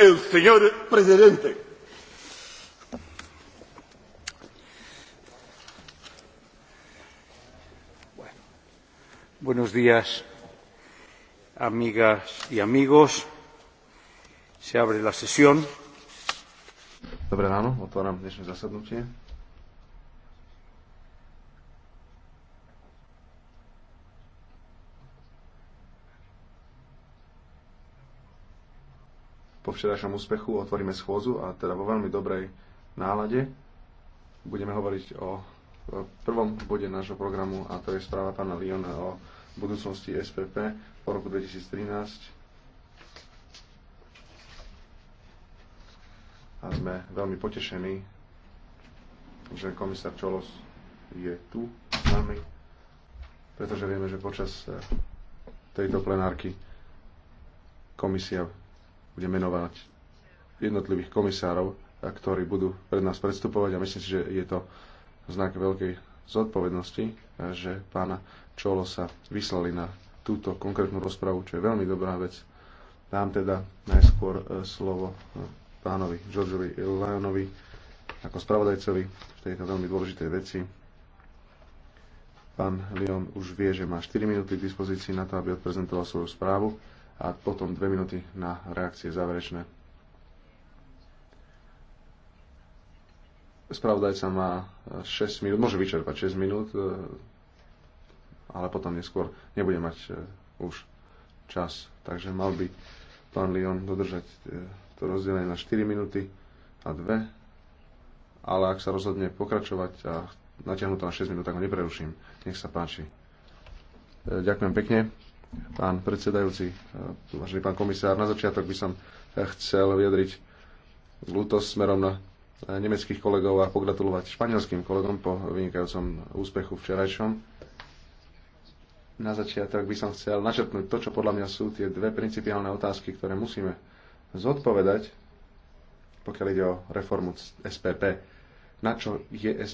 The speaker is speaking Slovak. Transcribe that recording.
el señor presidente. Bueno, buenos días, amigas y amigos. Se abre la sesión. Dobré ráno, otváram dnešné zasadnutie. po včerajšom úspechu otvoríme schôzu a teda vo veľmi dobrej nálade budeme hovoriť o prvom bode nášho programu a to je správa pána Liona o budúcnosti SPP po roku 2013. A sme veľmi potešení, že komisár Čolos je tu s nami, pretože vieme, že počas eh, tejto plenárky komisia bude menovať jednotlivých komisárov, ktorí budú pred nás predstupovať a myslím si, že je to znak veľkej zodpovednosti, že pána Čolo sa vyslali na túto konkrétnu rozpravu, čo je veľmi dobrá vec. Dám teda najskôr e, slovo e, pánovi Georgeovi Lyonovi ako spravodajcovi v tejto veľmi dôležitej veci. Pán Lyon už vie, že má 4 minúty k dispozícii na to, aby odprezentoval svoju správu a potom dve minúty na reakcie záverečné. Spravodajca má 6 eh, minút, môže vyčerpať 6 minút, eh, ale potom neskôr nebude mať eh, už čas. Takže mal by pán Lyon dodržať to rozdelenie na 4 minúty a 2, ale ak sa rozhodne pokračovať a natiahnuť to na 6 minút, tak ho nepreruším. Nech sa páči. Ďakujem pekne pán predsedajúci, e, vážený pán komisár. Na začiatok by som e, chcel vyjadriť ľútosť smerom na e, nemeckých kolegov a pogratulovať španielským kolegom po vynikajúcom úspechu včerajšom. Na začiatok by som chcel načrtnúť to, čo podľa mňa sú tie dve principiálne otázky, ktoré musíme zodpovedať, pokiaľ ide o reformu SPP. Na čo je SPP?